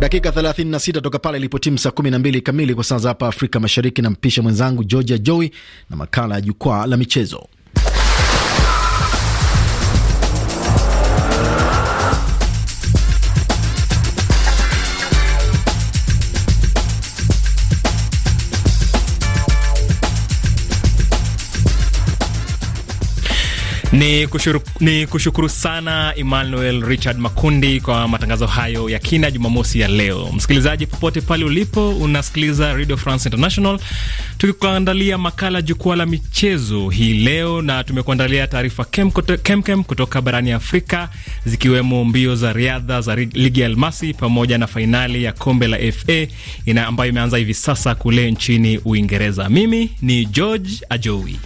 Dakika 36 toka pale ilipo timu saa 12 kamili kwa saa za hapa Afrika Mashariki, na mpisha mwenzangu Georgia Joy na makala ya jukwaa la michezo. Ni, kushuru, ni kushukuru sana Emmanuel Richard Makundi kwa matangazo hayo ya kina Jumamosi ya leo. Msikilizaji popote pale ulipo, unasikiliza Radio France International tukikuandalia makala jukwaa la michezo hii leo, na tumekuandalia taarifa kemkem kutoka barani Afrika zikiwemo mbio za riadha za ligi ya Almasi pamoja na fainali ya kombe la FA ina ambayo imeanza hivi sasa kule nchini Uingereza. Mimi ni George Ajowi.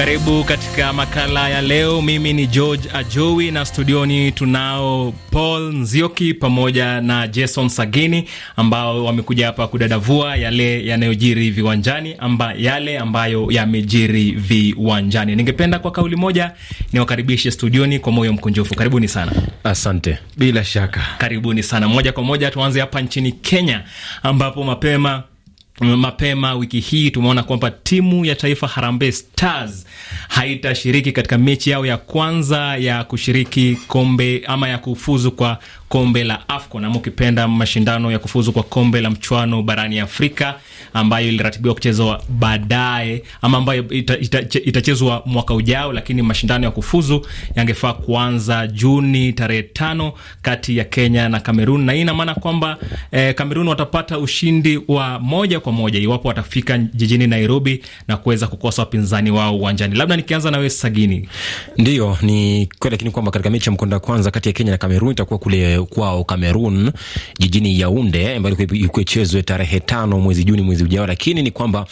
Karibu katika makala ya leo. Mimi ni George Ajowi na studioni tunao Paul Nzioki pamoja na Jason Sagini ambao wamekuja hapa kudadavua yale yanayojiri viwanjani amba yale ambayo yamejiri viwanjani. Ningependa kwa kauli moja niwakaribishe studioni kwa moyo mkunjufu. Karibuni sana. Asante. Bila shaka. Karibuni sana. Moja kwa moja tuanze hapa nchini Kenya ambapo mapema Mapema wiki hii tumeona kwamba timu ya taifa Harambee Stars haitashiriki katika mechi yao ya kwanza ya kushiriki kombe ama ya kufuzu kwa kombe la AFCON ama ukipenda mashindano ya kufuzu kwa kombe la mchuano barani Afrika ambayo iliratibiwa kuchezwa baadaye ama ambayo itachezwa ita, ita, mwaka ujao, lakini mashindano ya kufuzu yangefaa kuanza Juni tarehe tano kati ya Kenya na Kamerun, na hii ina maana kwamba eh, Kamerun watapata ushindi wa moja kwa moja iwapo watafika jijini Nairobi na kuweza kukosa wapinzani wao uwanjani. Labda nikianza nawe Sagini. Ndio, ni kweli, lakini kwamba katika mechi ya mkondo wa kwanza kati ya Kenya na Kamerun itakuwa kule kwao Kamerun jijini Yaunde ambayo ikuwe chezwe tarehe tano mwezi Juni mwezi mwezi ujao, lakini ni kwamba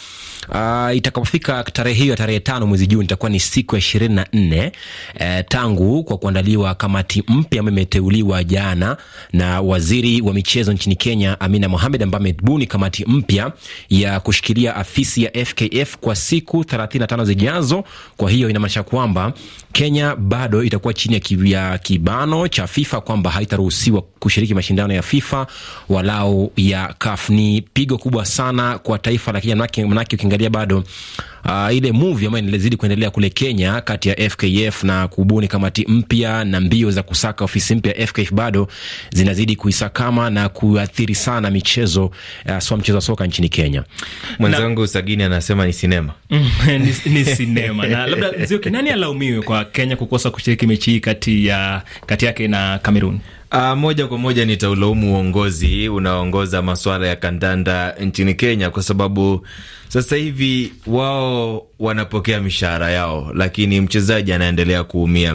Uh, itakapofika tarehe hiyo tarehe tano mwezi Juni itakuwa ni siku ya ishirini na nne eh, tangu kwa kuandaliwa kamati mpya ambayo imeteuliwa jana na waziri wa michezo nchini Kenya Amina Mohamed, ambaye amebuni kamati mpya ya kushikilia afisi ya FKF kwa siku thelathini na tano zijazo. Kwa hiyo inamaanisha kwamba Kenya bado itakuwa chini ya kibano cha FIFA kwamba haitaruhusiwa kushiriki mashindano ya FIFA walau ya CAF. Ni pigo kubwa sana kwa taifa la Kenya manake ukiangalia bado uh, ile movie ambayo inazidi kuendelea kule Kenya kati ya FKF na kubuni kamati mpya na mbio za kusaka ofisi mpya ya FKF bado zinazidi kuisakama na kuathiri sana michezo uh, swa mchezo wa soka nchini Kenya. Mwenzangu Sagini anasema ni sinema mm, ni, ni sinema na labda Nzioki, nani alaumiwe kwa Kenya kukosa kushiriki mechi hii kati ya kati yake na Kamerun? Uh, moja kwa moja nitaulaumu uongozi unaoongoza masuala ya kandanda nchini Kenya kwa sababu sasa hivi wao wanapokea mishahara yao, lakini mchezaji anaendelea kuumia.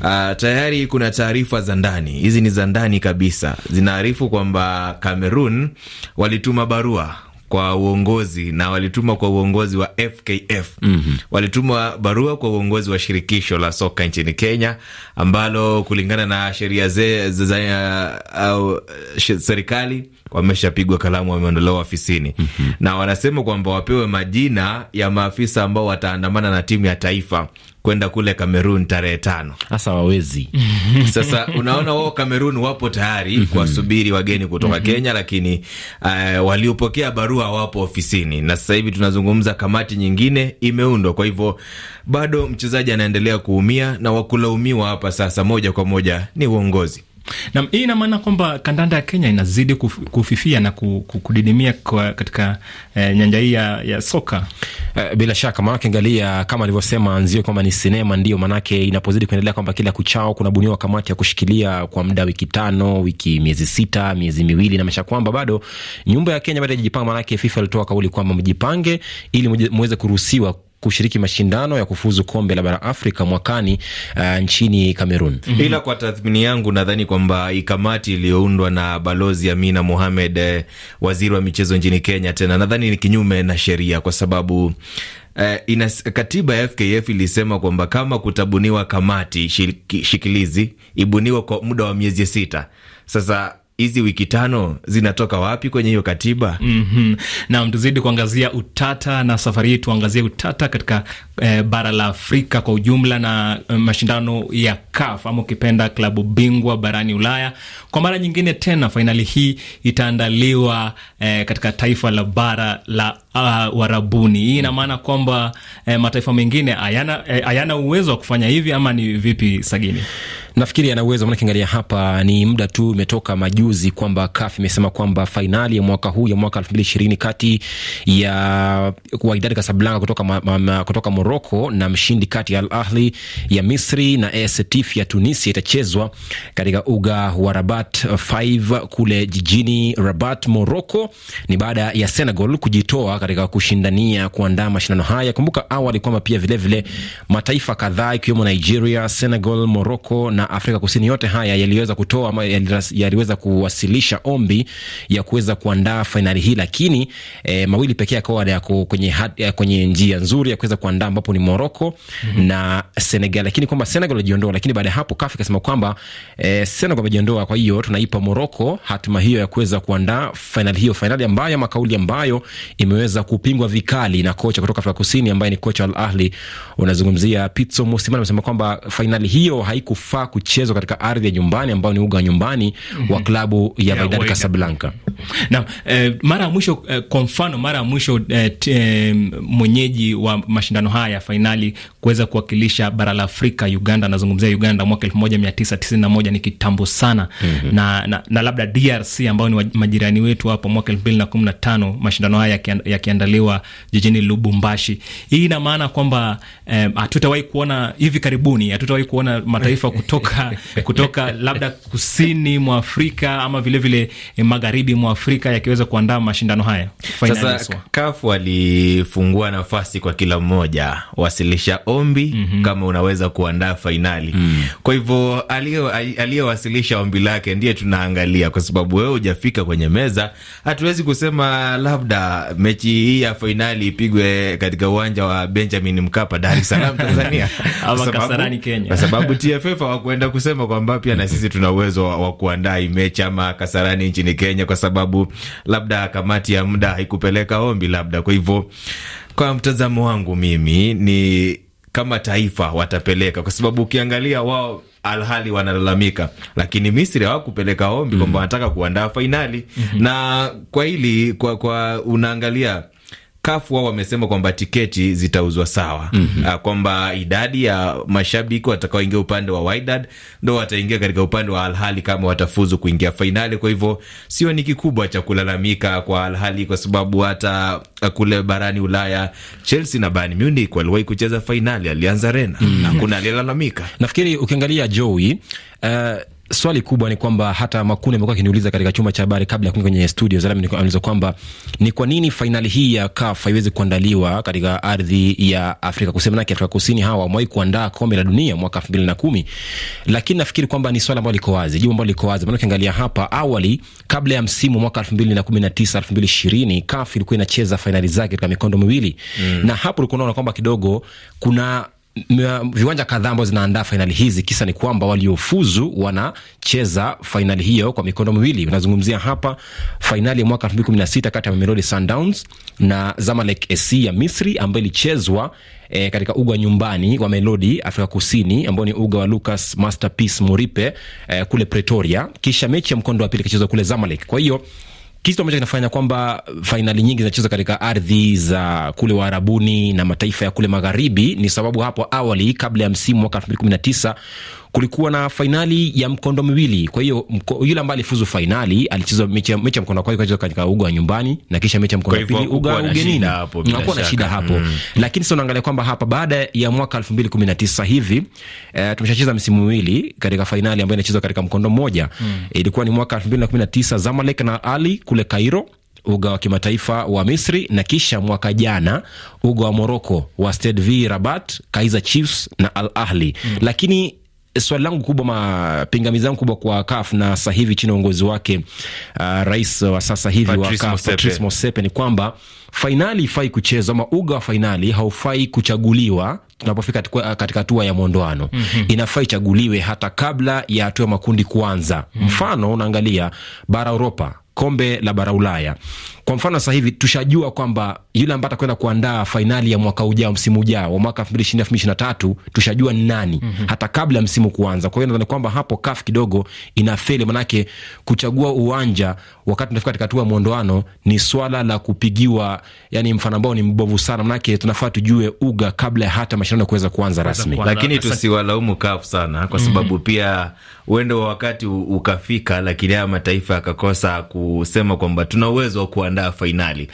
Uh, tayari kuna taarifa za ndani, hizi ni za ndani kabisa, zinaarifu kwamba Cameroon walituma barua kwa uongozi na walituma kwa uongozi wa FKF mm -hmm. Walituma barua kwa uongozi wa shirikisho la soka nchini Kenya ambalo kulingana na sheria za uh, uh, serikali wameshapigwa kalamu, wameondolewa ofisini mm -hmm. na wanasema kwamba wapewe majina ya maafisa ambao wataandamana na timu ya taifa kwenda kule Kamerun tarehe tano. Sasa wawezi sasa, unaona wao Kamerun wapo tayari mhm. kuwasubiri wageni kutoka mhm. Kenya, lakini uh, waliopokea barua wapo ofisini, na sasa hivi tunazungumza, kamati nyingine imeundwa. Kwa hivyo bado mchezaji anaendelea kuumia, na wakulaumiwa hapa sasa moja kwa moja ni uongozi. Naam, hii ina maana kwamba kandanda ya Kenya inazidi kufifia na kudidimia kwa katika eh, nyanja hii ya, ya soka eh, bila shaka maanake, angalia kama alivyosema Nzio kwamba ni sinema, ndio maanake inapozidi kuendelea kwamba kila kuchao kuna buniwa kamati ya kushikilia kwa muda wiki tano, wiki miezi sita, miezi miwili, na kwamba bado nyumba ya Kenya bado haijajipanga, maanake FIFA ilitoa kauli kwamba mjipange ili muweze kuruhusiwa kushiriki mashindano ya kufuzu kombe la bara Afrika mwakani uh, nchini Kamerun. mm -hmm. Ila kwa tathmini yangu nadhani kwamba ikamati iliyoundwa na Balozi Amina Mohamed, eh, waziri wa michezo nchini Kenya, tena nadhani ni kinyume na sheria kwa sababu Uh, ina katiba ya FKF ilisema kwamba kama kutabuniwa kamati shikilizi ibuniwe kwa muda wa miezi sita. Sasa hizi wiki tano zinatoka wapi kwenye hiyo katiba? mm -hmm. Nam, tuzidi kuangazia utata na safari hii tuangazie utata katika eh, bara la Afrika kwa ujumla na eh, mashindano ya CAF ama ukipenda klabu bingwa barani Ulaya. Kwa mara nyingine tena fainali hii itaandaliwa eh, katika taifa la bara la uh, Warabuni. Hii ina maana kwamba eh, mataifa mengine hayana eh, uwezo wa kufanya hivi ama ni vipi, Sagini? Nafikiri ana uwezo maana, kiangalia hapa ni muda tu umetoka majuzi kwamba CAF imesema kwamba fainali ya mwaka huu ya mwaka elfu mbili ishirini kati ya Wydad Casablanca kutoka, ma, ma, kutoka Morocco na mshindi kati ya Al Ahli ya Misri na AS Tif ya Tunisia itachezwa katika uga wa Rabat 5 kule jijini Rabat, Morocco. Ni baada ya Senegal kujitoa katika kushindania kuandaa mashindano haya. Kumbuka awali kwamba pia vile vile mataifa kadhaa ikiwemo Nigeria, Senegal, Morocco na Afrika Kusini. Yote haya yaliweza kutoa ama yaliweza kuwasilisha ombi ya kuweza kuandaa fainali hii, lakini eh, mawili pekee yakawa yako kwenye, kwenye njia nzuri ya kuweza kuandaa ambapo ni Moroko mm -hmm. na Senegal, lakini kwamba Senegal wajiondoa, lakini baada ya hapo CAF ikasema kwamba eh, Senegal wamejiondoa, kwa hiyo tunaipa Moroko hatima hiyo ya kuweza kuandaa fainali hiyo, fainali ambayo makauli ambayo imeweza kupingwa vikali na kocha kutoka Afrika Kusini ambaye ni kocha Al Ahli, unazungumzia Pitso Mosimane, amesema kwamba fainali hiyo haikufaa kuchezwa katika ardhi ya nyumbani ambao ni uga wa nyumbani mm -hmm. wa klabu ya yeah, Wydad Casablanca. Na eh, mara ya mwisho eh, kwa mfano mara ya mwisho eh, eh mwenyeji wa mashindano haya ya fainali kuweza kuwakilisha bara la Afrika. Uganda, nazungumzia Uganda mwaka elfu moja mia tisa tisini na moja ni kitambo sana mm -hmm. na, na, na labda DRC ambao ni majirani wetu hapo, mwaka elfu mbili na na kumi tano mashindano haya yakiandaliwa ya jijini Lubumbashi. Hii ina maana kwamba hatutawahi eh, kuona hivi karibuni, hatutawahi kuona mataifa kutoka kutoka labda kusini mwa Afrika ama vilevile vile, eh, magharibi mwa Afrika yakiweza kuandaa mashindano haya. Sasa kafu alifungua nafasi kwa kila mmoja wasilisha o ombi mm -hmm. kama unaweza kuandaa fainali mm. -hmm. Kwa hivyo aliyewasilisha ombi lake ndiye tunaangalia, kwa sababu wewe hujafika kwenye meza. Hatuwezi kusema labda mechi hii ya fainali ipigwe katika uwanja wa Benjamin Mkapa, Dar es Salaam, Tanzania kwa sababu TFF hawakuenda kusema kwamba pia na sisi tuna uwezo wa kuandaa hii mechi ama Kasarani nchini Kenya, kwa sababu labda kamati ya muda haikupeleka ombi labda. Kwa hivyo kwa mtazamo wangu mimi ni kama taifa watapeleka, kwa sababu ukiangalia wao alhali wanalalamika, lakini Misri hawakupeleka ombi kwamba mm -hmm. wanataka kuandaa fainali mm -hmm. na kwa hili kwa, kwa unaangalia kafu wao wamesema kwamba tiketi zitauzwa sawa, mm -hmm. kwamba idadi ya mashabiki watakaoingia upande wa Wydad ndo wataingia katika upande wa Alhali kama watafuzu kuingia fainali. Kwa hivyo sio ni kikubwa cha kulalamika kwa Alhali, kwa sababu hata kule barani Ulaya Chelsea na Bayern Munich waliwahi kucheza fainali alianza rena mm -hmm. na kuna aliyelalamika. Nafikiri ukiangalia Joey uh, swali kubwa ni kwamba hata Makunde amekuwa akiniuliza katika chumba cha habari kabla ya kuingia kwenye studio za Lami, kwamba ni kwa nini fainali hii ya CAF haiwezi kuandaliwa katika ardhi ya Afrika Kusini. Manake Afrika Kusini hawa wamewahi kuandaa kombe la dunia mwaka elfu mbili na kumi, lakini nafikiri kwamba ni swala ambalo liko wazi, jibu ambalo liko wazi, maana ukiangalia hapa awali, kabla ya msimu mwaka elfu mbili na kumi na tisa elfu mbili ishirini CAF ilikuwa inacheza fainali zake katika mikondo miwili mm. na hapo ulikuwa unaona kwamba kidogo kuna viwanja kadhaa ambao zinaandaa fainali hizi. Kisa ni kwamba waliofuzu wanacheza fainali hiyo kwa mikondo miwili. Unazungumzia hapa fainali ya mwaka elfu mbili kumi na sita kati ya Mamelodi Sundowns na Zamalek SC ya Misri ambayo ilichezwa E, katika uga wa nyumbani wa Melodi Afrika Kusini ambao ni uga wa Lucas Masterpiece Moripe e, eh, kule Pretoria. Kisha mechi ya mkondo wa pili ikachezwa kule Zamalek. Kwa hiyo kitu ambacho kinafanya kwamba fainali nyingi zinachezwa katika ardhi za kule Waarabuni na mataifa ya kule magharibi ni sababu hapo awali, kabla ya msimu mwaka elfu mbili kumi na tisa kulikuwa na fainali ya mkondo miwili. Kwa hiyo yule ambaye alifuzu fainali alicheza mechi ya mkondo wa kwanza kacheza katika uga wa nyumbani na kisha mechi ya mkondo wa pili uga ugenini, unakuwa na shida hapo mm. Lakini sasa unaangalia kwamba hapa baada ya mwaka 2019 hivi eh, tumeshacheza misimu miwili katika fainali ambayo inachezwa katika mkondo mmoja mm. Ilikuwa ni mwaka 2019 Zamalek na Ali kule Cairo uga wa kimataifa wa Misri na kisha mwaka jana uga wa Moroko wa Stade V Rabat, Kaizer Chiefs na Al Ahli mm. Lakini swali langu kubwa, mapingamizi yangu kubwa kwa CAF na sasa hivi chini ya uongozi wake uh, rais wa sasa hivi wa CAF Patrice Motsepe ni kwamba fainali ifai kuchezwa ama uga wa fainali haufai kuchaguliwa tunapofika uh, katika hatua ya mwondoano mm -hmm. Inafaa ichaguliwe hata kabla ya hatua ya makundi kuanza. mm -hmm. Mfano, unaangalia bara Uropa kombe la bara Ulaya. Kwa mfano sasa hivi tushajua kwamba yule ambaye atakwenda kuandaa fainali ya mwaka ujao, msimu ujao wa mwaka 2023 tushajua ni nani, mm -hmm. hata kabla msimu kuanza. Kwa hiyo nadhani kwamba hapo CAF kidogo inafeli, manake kuchagua uwanja wakati tunafika katika hatua ya mwondoano ni swala la kupigiwa, yani mfano ambao ni mbovu sana, manake tunafaa tujue uga kabla ya hata mashindano kuweza kuanza rasmi, lakini tusiwalaumu CAF sana kwa mhm. sababu mm -hmm. pia uendo wa wakati ukafika, lakini haya mataifa yakakosa ku kusema kwamba tuna uwezo wa kuandaa fainali.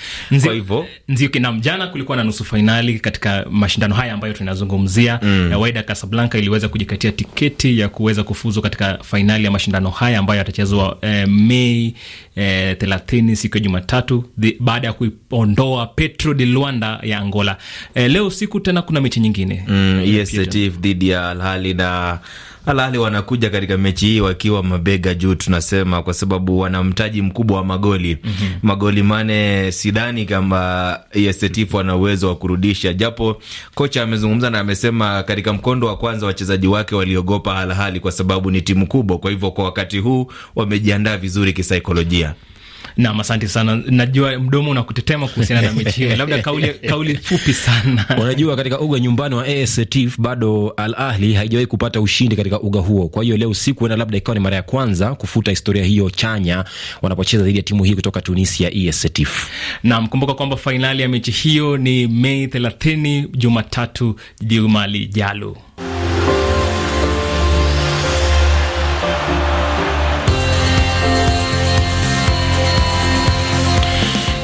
Kwa hivyo Nzioki, na mjana kulikuwa na nusu fainali katika mashindano haya ambayo tunazungumzia mm. Waida Casablanca iliweza kujikatia tiketi ya kuweza kufuzu katika fainali ya mashindano haya ambayo yatachezwa eh, Mei eh, thelathini siku ya Jumatatu baada ya kuondoa Petro de Luanda ya Angola. Eh, leo siku tena kuna mechi nyingine mm, eh, e dhidi ya Al Ahly na Al wanakuja katika mechi hii wakiwa mabega juu, tunasema kwa sababu wana mtaji mkubwa wa magoli mm -hmm. magoli mane, sidhani kama e stf ana uwezo wa kurudisha, japo kocha amezungumza na amesema katika mkondo wa kwanza wachezaji wake waliogopa halahali kwa sababu ni timu kubwa, kwa hivyo kwa wakati huu wamejiandaa vizuri kisaikolojia mm -hmm. Nam, asante sana. Najua mdomo unakutetema kuhusiana na mechi hiyo, labda kauli, kauli fupi sana. Unajua, katika uga nyumbani wa AS Tif bado Al Ahli haijawahi kupata ushindi katika uga huo, kwa hiyo leo usiku ena labda ikawa ni mara ya kwanza kufuta historia hiyo chanya wanapocheza dhidi ya timu hii kutoka Tunisia, AS Tif. Nam, kumbuka kwamba fainali ya mechi hiyo ni Mei 30, Jumatatu juma lijalo.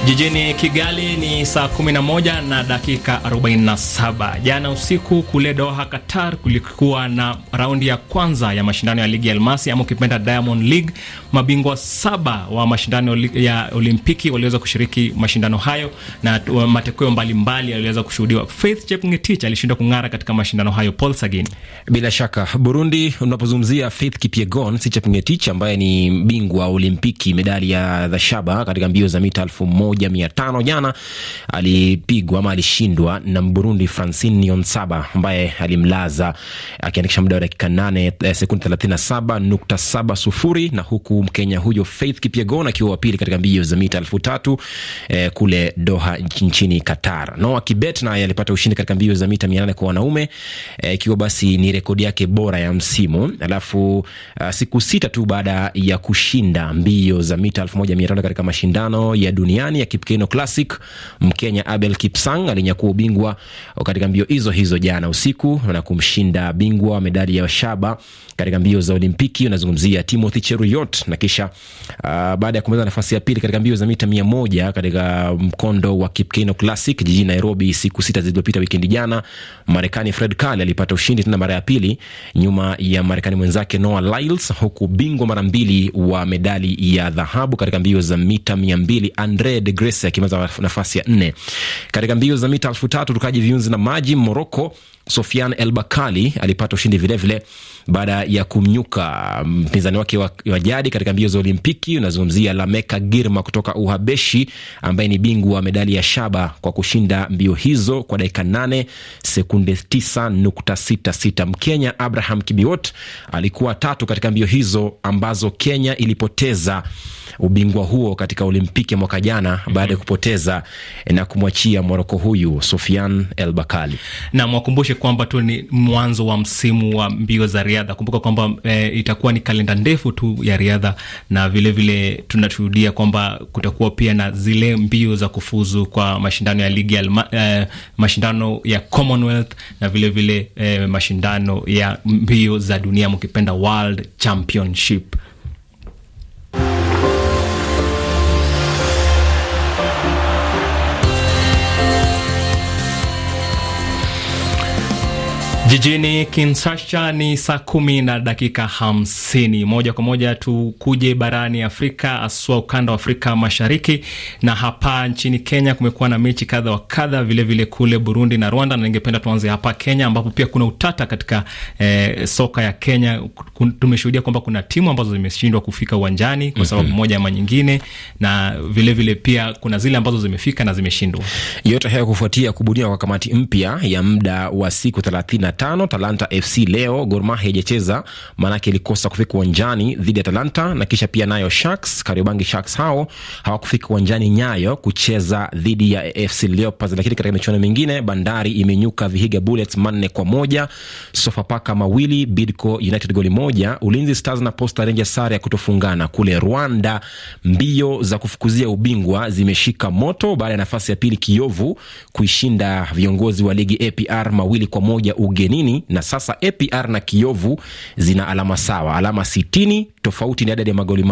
Jijini Kigali ni saa 11 na dakika 47. Jana usiku kule Doha, Qatar, kulikuwa na raundi ya kwanza ya mashindano ya ligi ya almasi ama ukipenda Diamond League mabingwa saba wa mashindano ya Olimpiki waliweza kushiriki mashindano hayo na matokeo mbalimbali yaliweza kushuhudiwa. Faith Chepngetich alishindwa kung'ara katika mashindano hayo. Paul Sagin, bila shaka Burundi, unapozungumzia Faith Kipyegon si Chepngetich ambaye ni bingwa Olimpiki, medali ya dhashaba katika mbio za mita elfu moja mia tano jana alipigwa ama alishindwa na Mburundi Francine Niyonsaba ambaye alimlaza akiandikisha muda wa dakika nane eh, sekundi thelathini na saba nukta saba sufuri na huku mkuu Mkenya huyo Faith Kipyegon akiwa wa pili katika mbio za mita elfu tatu eh, kule Doha nchini Qatar. Noah Kibet naye alipata ushindi katika mbio za mita mia nane kwa wanaume eh, ikiwa eh, basi ni rekodi yake bora ya msimu. Alafu uh, siku sita tu baada ya kushinda mbio za mita elfu moja mia tano katika mashindano ya duniani ya Kipkeno Classic, Mkenya Abel Kipsang alinyakua ubingwa katika mbio hizo hizo jana usiku na kumshinda bingwa medali ya shaba katika mbio za Olimpiki, unazungumzia Timothy Cheruyot na kisha uh, baada ya kumaliza nafasi ya pili katika mbio za mita mia moja katika mkondo wa Kipkeino Classic jijini Nairobi siku sita zilizopita wikendi jana, Marekani Fred Kale alipata ushindi tena mara ya pili nyuma ya Marekani mwenzake Noah Lyles, huku bingwa mara mbili wa medali ya dhahabu katika mbio za mita mia mbili Andre de Grace akimaliza nafasi ya nne. Katika mbio za mita elfu tatu tukaji viunzi na maji Morocco, Sofian El Bakali alipata ushindi vilevile vile baada ya kumnyuka mpinzani wake wa, jadi katika mbio za Olimpiki. Unazungumzia Lameka Girma kutoka Uhabeshi ambaye ni bingwa wa medali ya shaba kwa kushinda mbio hizo kwa dakika nane sekunde 9.66. Mkenya Abraham Kibiot alikuwa tatu katika mbio hizo ambazo Kenya ilipoteza ubingwa huo katika Olimpiki ya mwaka jana mm -hmm. baada ya mhm. kupoteza na kumwachia Moroko huyu Sofian El Bakali, na mwakumbushe kwamba tu ni mwanzo wa msimu wa mbio za riadha riadha. Kumbuka kwamba e, itakuwa ni kalenda ndefu tu ya riadha, na vilevile tunashuhudia kwamba kutakuwa pia na zile mbio za kufuzu kwa mashindano ya ligi ya e, mashindano ya Commonwealth na vilevile vile, e, mashindano ya mbio za dunia mkipenda World Championship Jijini Kinshasa ni saa kumi na dakika hamsini. Moja kwa moja tukuje barani Afrika, haswa ukanda wa Afrika Mashariki. Na hapa nchini Kenya kumekuwa na mechi kadha wa kadha, vilevile kule Burundi na Rwanda, na ningependa tuanze hapa Kenya ambapo pia kuna utata katika eh, soka ya Kenya. Tumeshuhudia kwamba kuna timu ambazo zimeshindwa kufika uwanjani kwa mhm. sababu mm -hmm. moja ama nyingine, na vilevile vile pia kuna zile ambazo zimefika na zimeshindwa. Yote haya kufuatia kubuniwa kwa kamati mpya ya muda wa siku thelathini tano Talanta FC leo Gor Mahia haijacheza, maanake ilikosa kufika uwanjani dhidi ya Talanta, na kisha pia nayo Sharks, Kariobangi Sharks hao hawakufika uwanjani Nyayo kucheza dhidi ya FC Leopards. Lakini katika michuano mingine, Bandari imenyuka Vihiga Bullets manne kwa moja, Sofapaka mawili, Bidco United goli moja, Ulinzi Stars na Posta Rangers sare ya kutofungana. Kule Rwanda, mbio za kufukuzia ubingwa zimeshika moto baada ya nafasi ya pili Kiovu kuishinda viongozi wa ligi APR mawili kwa moja uge ugenini, na sasa APR na Kiovu zina alama sawa, alama sitini. Tofauti ni idadi ya magoli,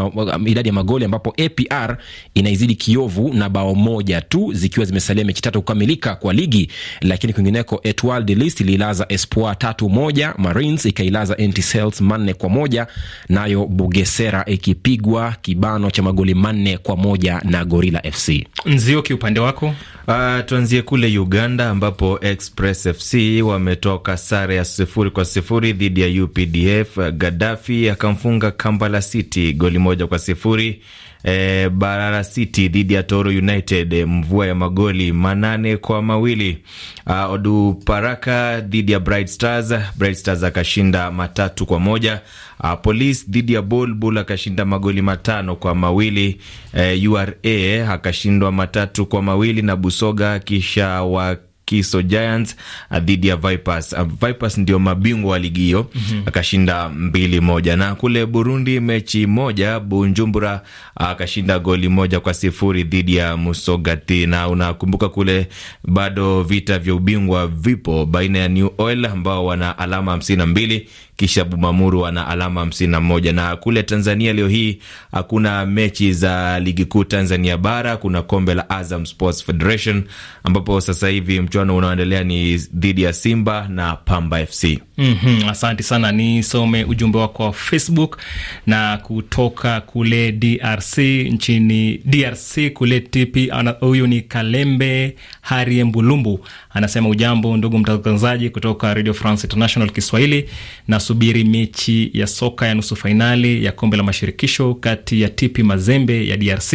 idadi ya magoli ambapo APR inaizidi Kiovu na bao moja tu, zikiwa zimesalia mechi tatu kukamilika kwa ligi. Lakini kwingineko, Etoile de Lille ililaza Espoir tatu moja, Marines ikailaza NT Celts manne kwa moja, nayo Bugesera ikipigwa kibano cha magoli manne kwa moja na Gorilla FC. Nzioki, upande wako. Uh, tuanzie kule Uganda ambapo Express FC wametoka sare ya sifuri kwa sifuri dhidi ya UPDF. Gaddafi akamfunga Kambala City goli moja kwa sifuri. E, Barara City dhidi ya Toro United, mvua ya magoli manane kwa mawili. A, Odu Paraka dhidi ya Bright Stars, Bright Stars akashinda matatu kwa moja. Uh, Police dhidi ya Bulbul akashinda magoli matano kwa mawili. Uh, e, URA akashindwa matatu kwa mawili na Busoga kisha wa Kiso Giants uh, dhidi ya Vipers. Uh, Vipers ndio mabingwa wa ligi hiyo mm -hmm. Akashinda mbili moja, na kule Burundi mechi moja Bunjumbura uh, akashinda goli moja kwa sifuri dhidi ya Musogati, na unakumbuka kule bado vita vya ubingwa vipo baina ya New Oil ambao wana alama hamsini na mbili kisha Bumamuru wana alama hamsini na moja na kule Tanzania leo hii hakuna mechi za ligi kuu Tanzania bara, kuna kombe la Azam Sports Federation ambapo sasa hivi mchuano unaoendelea ni dhidi ya Simba na Pamba FC. Mm -hmm, asante sana. Nisome ujumbe wako wa Facebook na kutoka kule DRC nchini DRC kule TP, huyu ni Kalembe Harie Mbulumbu Anasema ujambo ndugu mtangazaji kutoka Radio France International Kiswahili, nasubiri mechi ya soka ya nusu fainali ya kombe la mashirikisho kati ya TP Mazembe ya DRC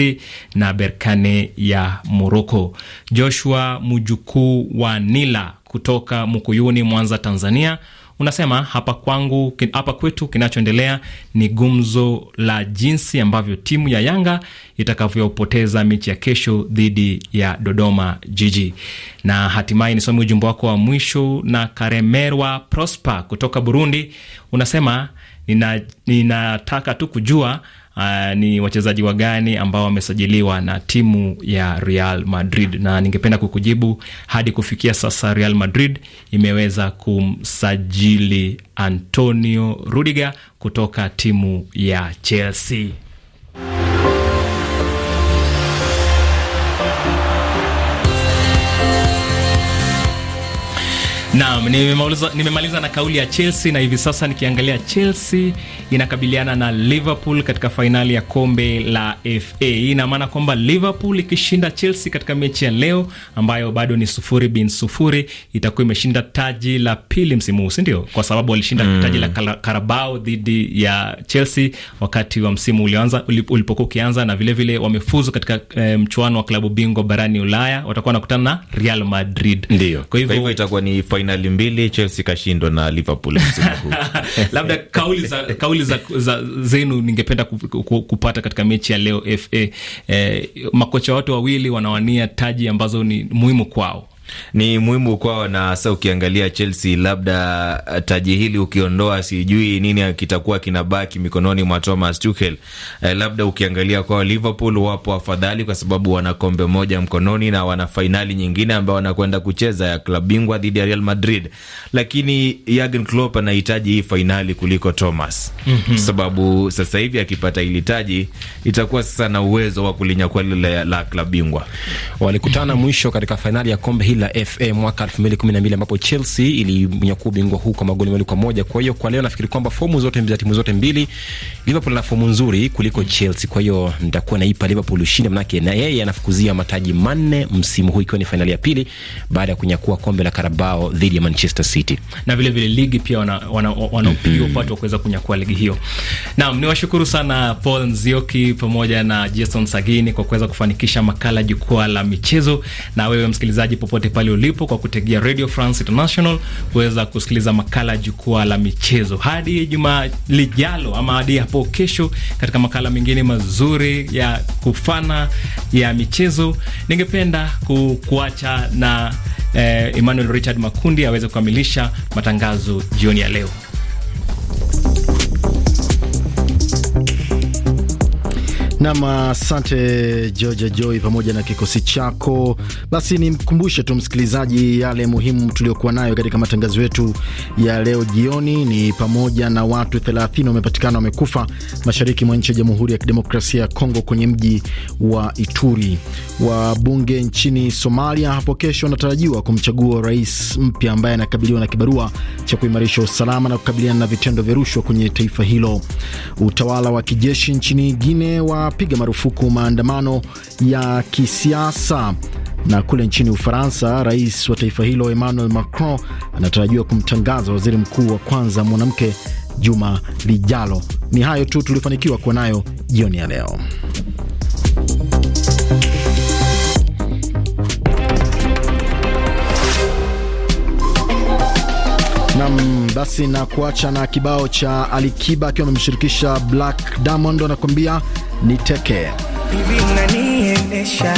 na Berkane ya Morocco. Joshua mjukuu wa Nila kutoka Mukuyuni, Mwanza, Tanzania unasema hapa kwangu, hapa kwetu kinachoendelea ni gumzo la jinsi ambavyo timu ya Yanga itakavyopoteza mechi ya kesho dhidi ya Dodoma Jiji. Na hatimaye nisome ujumbe wako wa mwisho. Na Karemerwa Prosper kutoka Burundi unasema nina, ninataka tu kujua uh, ni wachezaji wa gani ambao wamesajiliwa na timu ya Real Madrid, na ningependa kukujibu hadi kufikia sasa Real Madrid imeweza kumsajili Antonio Rudiger kutoka timu ya Chelsea. Naam, nimemaliza na kauli ya Chelsea na hivi sasa nikiangalia Chelsea inakabiliana na Liverpool katika fainali ya kombe la FA. Ina maana kwamba Liverpool ikishinda Chelsea katika mechi ya leo ambayo bado ni sufuri bin sufuri itakuwa imeshinda taji la pili msimu huu, si ndio? Kwa sababu walishinda mm. taji la Carabao dhidi ya Chelsea wakati wa msimu ulioanza ulipokuwa ukianza, na vile vile wamefuzu katika eh, mchuano wa klabu bingwa barani Ulaya, watakuwa wanakutana na Real Madrid. Ndio. Kwa hivyo itakuwa ni fainali mbili, Chelsea kashindwa na Liverpool msimu huu. Labda kauli za, kauli za, za zenu ningependa kupata katika mechi ya leo FA. Eh, makocha wote wawili wanawania taji ambazo ni muhimu kwao ni muhimu kwao, na sasa ukiangalia Chelsea, labda uh, taji hili ukiondoa, sijui nini kitakuwa kinabaki mikononi mwa Thomas Tuchel. Eh, labda ukiangalia kwao Liverpool wapo afadhali, kwa sababu wana kombe moja mkononi na wana fainali nyingine ambayo wanakwenda kucheza ya klabu bingwa dhidi ya Real Madrid, lakini Jurgen Klopp anahitaji hii fainali kuliko Thomas mm -hmm. sababu sasa hivi akipata hili taji itakuwa sasa na uwezo wa kulinyakua lile la klabu bingwa. Walikutana mwisho katika fainali ya kombe hili la FA mwaka 2012 ambapo Chelsea ilinyakua ubingwa huu kwa magoli mawili kwa moja. Kwa hiyo kwa leo nafikiri kwamba fomu zote za timu zote mbili, Liverpool ana fomu nzuri kuliko Chelsea. Kwa hiyo nitakuwa naipa Liverpool ushindi, manake na yeye anafukuzia mataji manne msimu huu, ikiwa ni fainali ya pili baada ya kunyakua kombe la Carabao dhidi ya Manchester City, na vile vile ligi pia wana, wana, wana mm -hmm. upatu wa kuweza kunyakua ligi hiyo. Naam, ni sana Paul Nzioki pamoja na Jason Sagini kwa kuweza kufanikisha makala jukwaa la michezo, na wewe msikilizaji popote popote pale ulipo kwa kutegea Radio France International kuweza kusikiliza makala jukwaa la michezo. Hadi juma lijalo ama hadi hapo kesho, katika makala mengine mazuri ya kufana ya michezo, ningependa kukuacha na eh, Emmanuel Richard Makundi aweze kukamilisha matangazo jioni ya leo. Nam, asante Georgia Joy pamoja na kikosi chako. Basi nimkumbushe tu msikilizaji yale muhimu tuliokuwa nayo katika matangazo yetu ya leo jioni. Ni pamoja na watu 30 wamepatikana wamekufa mashariki mwa nchi ya Jamhuri ya Kidemokrasia ya Kongo kwenye mji wa Ituri. Wabunge nchini Somalia hapo kesho wanatarajiwa kumchagua rais mpya ambaye anakabiliwa na kibarua cha kuimarisha usalama na kukabiliana na vitendo vya rushwa kwenye taifa hilo. Utawala wa kijeshi nchini Guinea wa apiga marufuku maandamano ya kisiasa. Na kule nchini Ufaransa, rais wa taifa hilo Emmanuel Macron anatarajiwa kumtangaza waziri mkuu wa kwanza mwanamke juma lijalo. Ni hayo tu tuliofanikiwa kuwa nayo jioni ya leo. Nam basi, na kuacha na kibao cha Alikiba akiwa amemshirikisha Black Diamond, anakuambia niteke. Hivi unaniendesha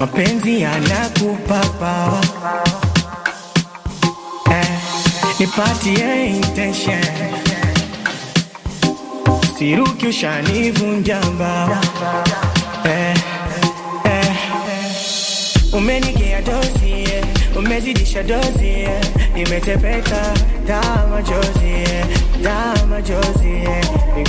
mapenzi yanakupapa eh, nipatie intention siruki ushanivunja mbawa eh, eh, umenigea dozi umezidisha dozi eh, nimetepeka taa eh, Dama Josie, yeah. we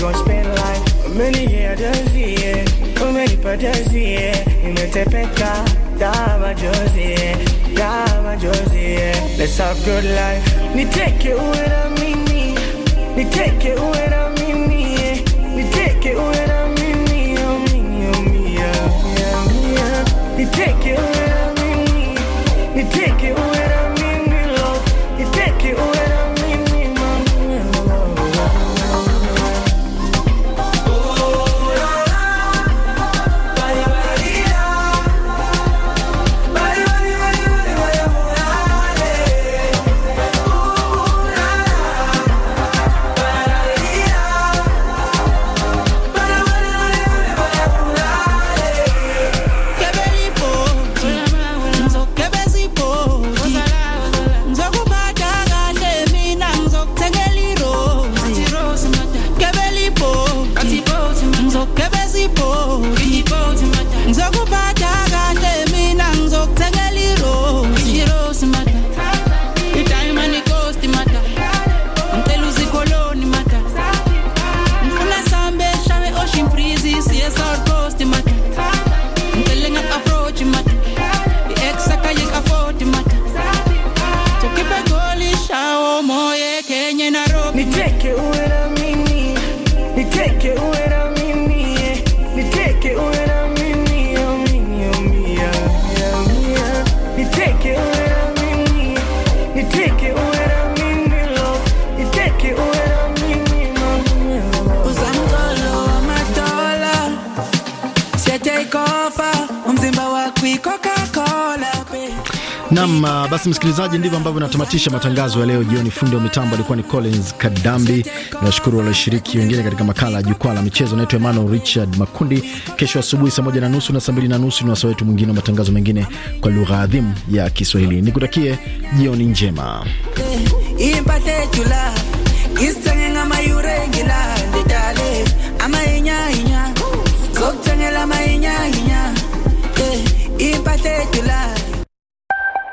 Nam uh, basi, msikilizaji, ndivyo ambavyo natamatisha matangazo ya leo jioni. Fundi wa mitambo alikuwa ni Collins Kadambi. Nawashukuru walioshiriki wengine katika makala ya jukwaa la michezo. Naitwa Emmanuel Richard Makundi. Kesho asubuhi saa moja na nusu na saa mbili na nusu ni wasaa wetu mwingine wa matangazo mengine kwa lugha adhimu ya Kiswahili. Nikutakie jioni njema.